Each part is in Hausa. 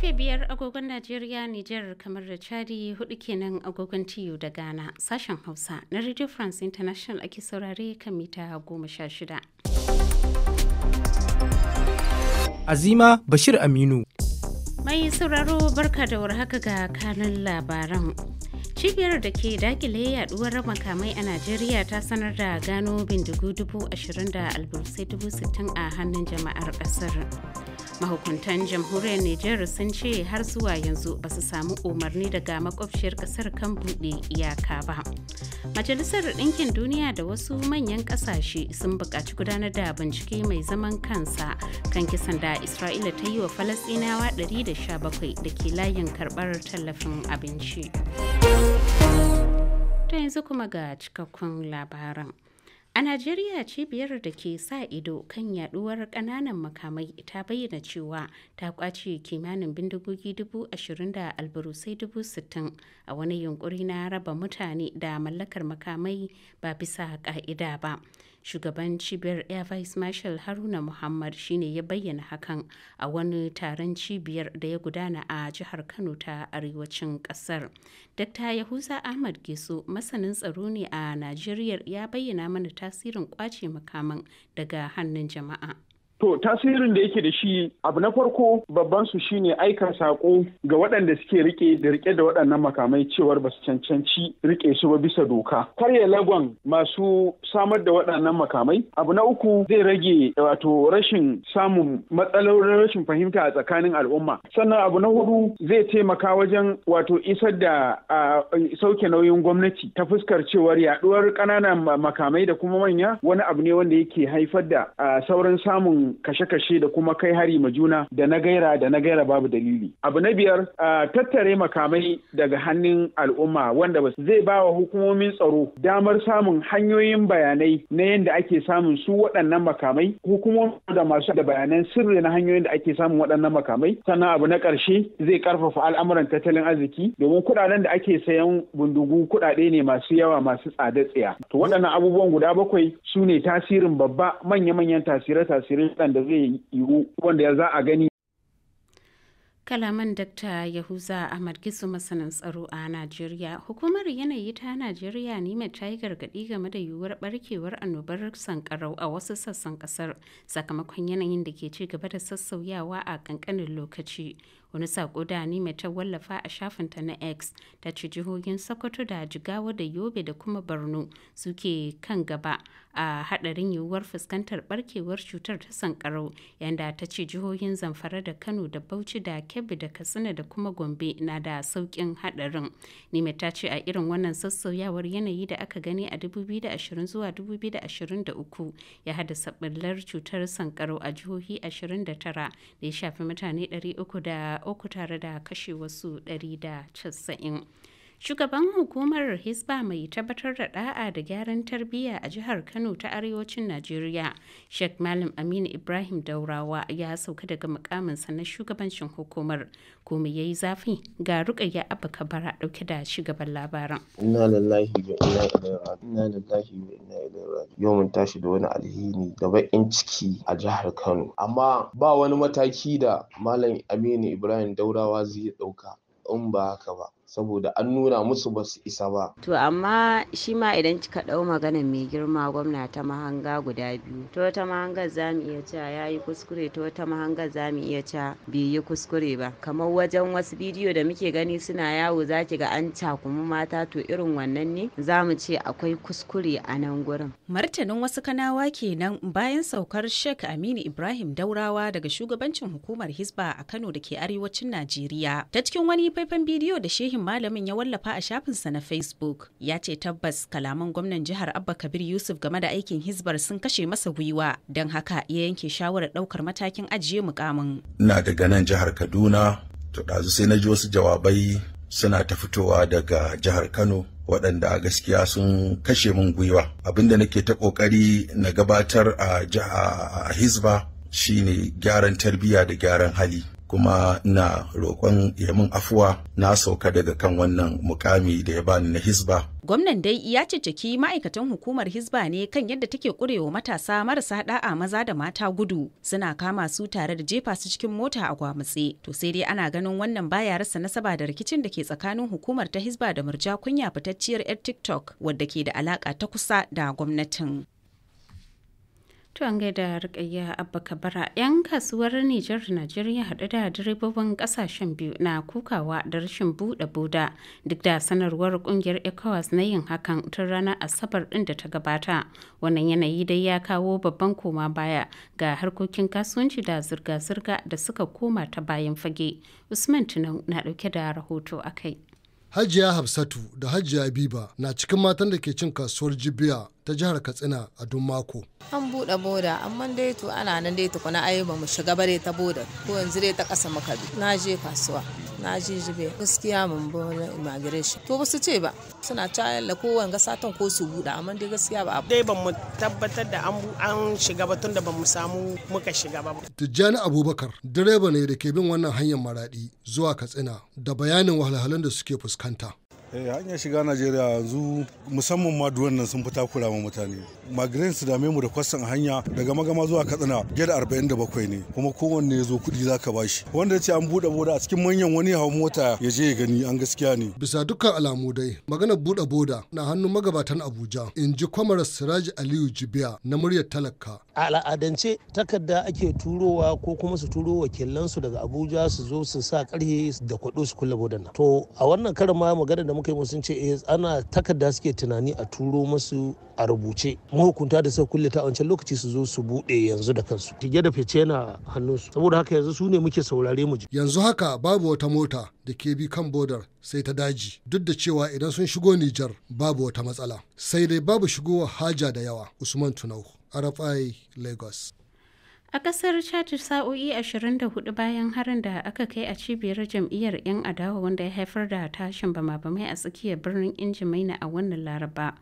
karfe biyar agogon najeriya nijar kamar da chadi hudu kenan agogon tiyo da ghana sashen hausa na radio france international ake saurare kan mita goma sha shida azima bashir aminu mai sauraro barka da warhaka ga kanun labaran cibiyar da ke dakile yaduwar makamai a najeriya ta sanar da gano bindigu dubu ashirin da albursai dubu sittin a hannun jama'ar kasar mahukuntan jamhuriyar nijar sun ce har zuwa yanzu ba su samu umarni daga makwabciyar kasar kan buɗe iyaka ba majalisar ɗinkin duniya da wasu manyan ƙasashe sun buƙaci gudanar da bincike mai zaman kansa kan kisan da isra'ila ta yi wa falasɗinawa 117 da ke layin karɓar tallafin abinci ta yanzu kuma ga cikakkun labaran A Najeriya cibiyar da ke sa ido kan yaduwar kananan makamai ta bayyana cewa ta kwace kimanin bindigogi dubu ashirin da alburusai dubu sittin a wani yunkuri na raba mutane da mallakar makamai ba bisa ka'ida ba. shugaban cibiyar air vice marshal haruna muhammad shine ya bayyana hakan a wani taron cibiyar da ya gudana a jihar kano ta arewacin kasar dr Yahusa ahmad geso masanin tsaro ne a najeriya ya bayyana mana tasirin kwace makaman daga hannun jama'a To tasirin da yake da shi abu na farko babban su shine aika sako ga waɗanda suke rike da rike da waɗannan makamai cewar ba su cancanci rike su ba bisa doka. Karya lagon masu samar da waɗannan makamai. Abu na uku zai rage wato rashin samun matsalolin rashin fahimta a tsakanin al'umma. Sannan abu na hudu zai taimaka wajen wato isar da sauke nauyin gwamnati ta fuskar cewar yaɗuwar ƙananan makamai da kuma manya wani abu ne wanda yake haifar da sauran samun kashe-kashe da kuma kai hari ma juna da na gaira da na gaira babu dalili. Abu na biyar tattare makamai daga hannun al'umma wanda zai ba wa hukumomin tsaro damar samun hanyoyin bayanai na yadda ake samun su waɗannan makamai hukumomin da masu da bayanan sirri na hanyoyin da ake samun waɗannan makamai sannan abu na ƙarshe zai ƙarfafa al'amuran tattalin arziki domin kuɗaɗen da ake sayan bundugu kuɗaɗe ne masu yawa masu tsada tsaya. To waɗannan abubuwan guda bakwai su ne tasirin babba manya-manyan tasire-tasirin waɗanda zai yiwu wanda za a gani kalaman dakta yahuza ahmad gisu masanin tsaro a najeriya hukumar yanayi ta najeriya mai ta yi gargaɗi game da yiwuwar barkewar annobar sankarau a wasu sassan kasar sakamakon yanayin da ke ci gaba da sassauyawa a ƙanƙanin lokaci wani sako da anime ta wallafa a shafinta na x ta ce jihohin sokoto da jigawa da yobe da kuma borno suke kan gaba a hadarin yiwuwar fuskantar barkewar cutar ta sankarau yadda ta ce jihohin zamfara da kano da bauchi da kebbi da katsina da kuma gombe na da saukin hadarin nime ta ce a irin wannan sassauyawar yanayi da aka gani a 2020 zuwa 2023 ya haddasa ɓullar cutar sankarau a jihohi 29 da ya shafi mutane 300 da uku tare da kashe wasu 190 Shugaban hukumar Hisba mai tabbatar da da'a da gyaran tarbiyya a jihar Kano ta Arewacin Najeriya, Sheikh Malam Aminu Ibrahim Daurawa ya sauka daga mukaminsa na shugabancin hukumar. Kuma ya yi zafi ga ya abba kabara dauke da shugaban labaran. Inna lillahi wa inna ilaihi raji'un. Inna lillahi wa inna ilaihi Yau mun tashi da wani alhini da bakin ciki a jihar Kano. Amma ba wani mataki da Malam Aminu Ibrahim Daurawa zai dauka in ba haka ba. saboda an nuna musu ba su isa ba. To amma shi ma idan kika ɗau maganar mai girma gwamna ta mahanga guda biyu. To ta mahangar za mu iya cewa ya yi kuskure to ta mahangar za mu iya cewa bai yi kuskure ba. Kamar wajen wasu bidiyo da muke gani suna yawo za ki ga an cakumi mata to irin wannan ne za mu ce akwai kuskure a nan gurin. Martanin wasu kanawa kenan bayan saukar Sheikh Aminu Ibrahim Daurawa daga shugabancin hukumar Hisba a Kano da ke arewacin Najeriya. Ta cikin wani faifan bidiyo da shehin tarihin malamin ya wallafa a shafinsa na Facebook. Ya ce tabbas kalaman gwamnan jihar Abba Kabir Yusuf game da aikin Hizbar sun kashe masa gwiwa don haka ya yanke shawarar ɗaukar matakin ajiye mukamin. Ina daga nan jihar Kaduna, to ɗazu sai na ji wasu jawabai suna ta fitowa daga jihar Kano waɗanda a gaskiya sun kashe min gwiwa. abin da nake ta ƙoƙari na gabatar a jiha a Hizba shine gyaran tarbiyya da gyaran hali. kuma ina roƙon ya min afuwa na sauka daga kan wannan mukami da ya bani na hisba. Gwamnan dai ya cicciki ma'aikatan hukumar hisba ne kan yadda take ƙurewa matasa marasa da'a maza da mata gudu suna kama su tare da jefa su cikin mota a gwamutse. To sai dai ana ganin wannan baya rasa nasaba da rikicin da ke tsakanin hukumar ta hisba da murja kunya fitacciyar 'yar TikTok wadda ke da alaƙa ta kusa da gwamnatin. To an gaida rikayya abba kabara 'yan kasuwar Nijar Najeriya hadu da direbobin ƙasashen biyu na kukawa da rashin buɗe buda duk da sanarwar ƙungiyar ECOWAS na yin hakan tun ranar Asabar ɗin da ta gabata. Wannan yanayi dai ya kawo babban koma baya ga harkokin kasuwanci da zirga-zirga da suka koma ta bayan fage. Usman Tunau na ɗauke da rahoto a kai. Hajiya Hafsatu da Hajiya Biba na cikin matan da ke cin kasuwar Jibiya ta jihar Katsina a dun mako. An buɗe boda amma dai to ana nan dai tukuna ayyuka mu shiga bare ta boda ko yanzu dai ta ƙasa muka Na je kasuwa. na jijibe gaskiya mun wani immigration to ba su ce ba suna cayar da ga satan ko su buɗe amma dai gaskiya ba dai ba mu tabbatar da an shiga ba tun da ba mu samu muka shiga ba Tijjani Abubakar direba ne da ke bin wannan hanyar maraɗi zuwa Katsina da bayanin wahalhalun da suke fuskanta Eh, hanyar shiga najeriya yanzu musamman ma duwan nan sun fi takura ma mutane migraine su dame mu da kwastan hanya daga magama zuwa katsina gida arba'in da bakwai ne kuma kowanne ya zo kuɗi za ka bashi wanda ya ce an buɗe boda a cikin manyan wani hau mota ya je ya gani an gaskiya ne bisa dukkan alamu dai maganar buɗe boda na hannun magabatan abuja in ji kwamar siraji aliyu jibiya na muryar talaka a al'adance takarda ake turowa ko kuma su turo wakilansu daga abuja su zo su sa karhe da kwaɗo su kulle bodan to a wannan karin ma magana da muka yi mu sun ce eh ana takarda suke tunani a turo masu a rubuce mahukunta da suka kulle ta wancan lokaci su zo su bude yanzu da kansu tige da fice yana hannunsu saboda haka yanzu su ne muke saurare mu yanzu haka babu wata mota da ke bi kan bodar sai ta daji duk da cewa idan sun shigo Nijar babu wata matsala sai dai babu shigowa haja da yawa Usman Tunau arafai Lagos A kasar Chad sa'o'i 24 bayan harin da aka kai a cibiyar jam'iyyar 'yan adawa wanda ya haifar da tashin bama-bamai a tsakiyar birnin injimai Injimaina a wannan Laraba.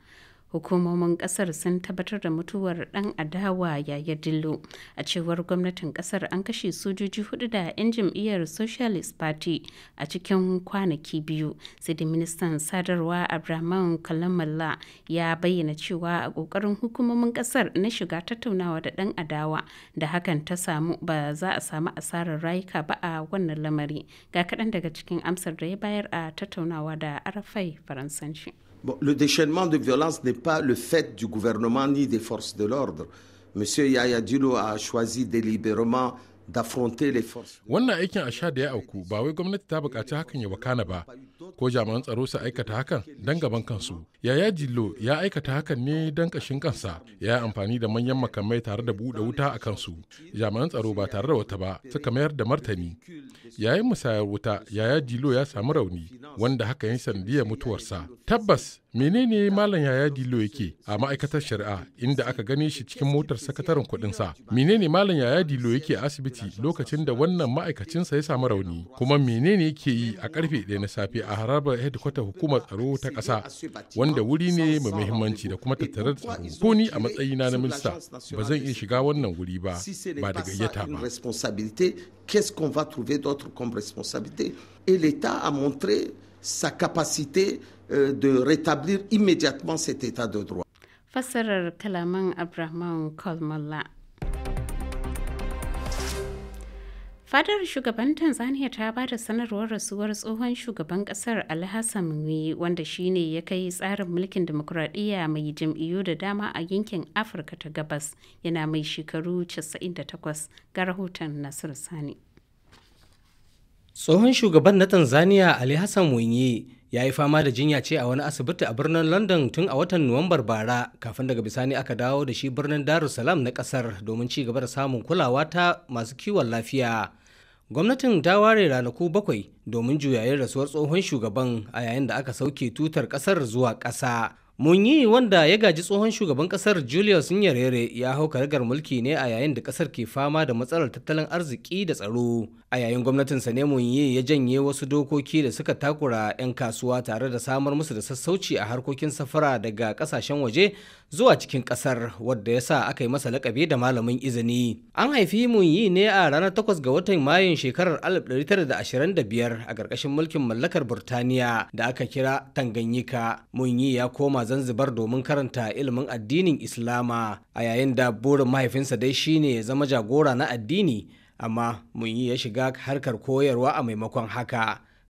hukumomin kasar sun tabbatar da mutuwar dan adawa yaya dillo a cewar gwamnatin kasar an kashe sojoji hudu da 'yan jam'iyyar socialist party a cikin kwanaki biyu sai da ministan sadarwa abraman kalamalla ya bayyana cewa a kokarin hukumomin kasar na shiga tattaunawa da dan adawa da hakan ta samu ba za a samu asarar rayuka ba a wannan lamari ga kaɗan daga cikin amsar da ya bayar a tattaunawa da arafai faransanci. le déchaînement de violence n'est pas le fait du gouvernement ni des forces de l'ordre. Monsieur Yaya Dilo a choisi délibérément Wannan aikin a sha da ya auku ba wai gwamnati ta buƙaci hakan ya wakana ba, ko jami'an tsaro su aikata hakan don gaban kansu. Yaya Jillo ya aikata hakan ne don ƙashin kansa, ya yi amfani da manyan makamai tare da buɗe wuta a kansu. Jami'an tsaro ba tare da wata ba suka mayar da martani. Yayin musayar wuta, Yaya Jillo ya samu rauni, wanda haka ya sanadiyar mutuwarsa. Tabbas menene malam yaya dilo yake a ma'aikatar shari'a inda aka gane shi cikin motar sakataren sa menene malam yaya dilo yake a asibiti lokacin da wannan ma'aikacinsa ya samu rauni kuma menene yake yi a karfe ɗaya na safe a harabar hedikwatar hukumar tsaro ta ƙasa wanda wuri ne mai muhimmanci da kuma tattare da tsaro ko ni a matsayina na minista ba zan iya shiga wannan wuri ba ba da gayyata ba Qu'est-ce qu'on va trouver d'autre comme a montré sa capacité euh, de rétablir immédiatement cet état de droit. Fassarar kalaman Abraham Kolmalla. Fadar shugaban Tanzania ta ba da sanarwar rasuwar tsohon shugaban kasar Alhassan Mwe wanda shine ya kai tsarin mulkin demokuraɗiyya mai jam'iyyu da dama a yankin Afirka ta gabas yana mai shekaru 98 ga rahoton Nasir Sani. tsohon shugaban na tanzania ali hassan Mwinyi ya yi fama da jinya ce a wani asibiti a birnin london tun a watan nuwambar bara kafin daga bisani aka dawo da shi birnin darussalam na kasar domin ci gaba da samun kulawa ta masu kiwon lafiya gwamnatin ta ware ranaku bakwai domin juyayin rasuwar tsohon shugaban a yayin da aka sauke tutar kasar zuwa ƙasa Mun yi wanda ya gaji tsohon shugaban kasar Julius Nyerere ya hau karagar mulki ne a yayin da kasar ke fama da matsalar tattalin arziki da tsaro. A yayin gwamnatinsa ne mun yi ya janye wasu dokoki da suka takura 'yan kasuwa tare da samar musu da sassauci a harkokin safara daga kasashen waje zuwa cikin kasar wadda ya sa aka yi masa lakabi da malamin izini. An haifi mun yi ne a ranar 8 ga watan Mayun shekarar 1925 a ƙarƙashin mulkin mallakar Burtaniya da aka kira Tanganyika. mun yi ya koma zanzibar domin karanta ilimin addinin islama a yayin da burin mahaifinsa dai shine ya zama jagora na addini amma mun yi ya shiga harkar koyarwa a maimakon haka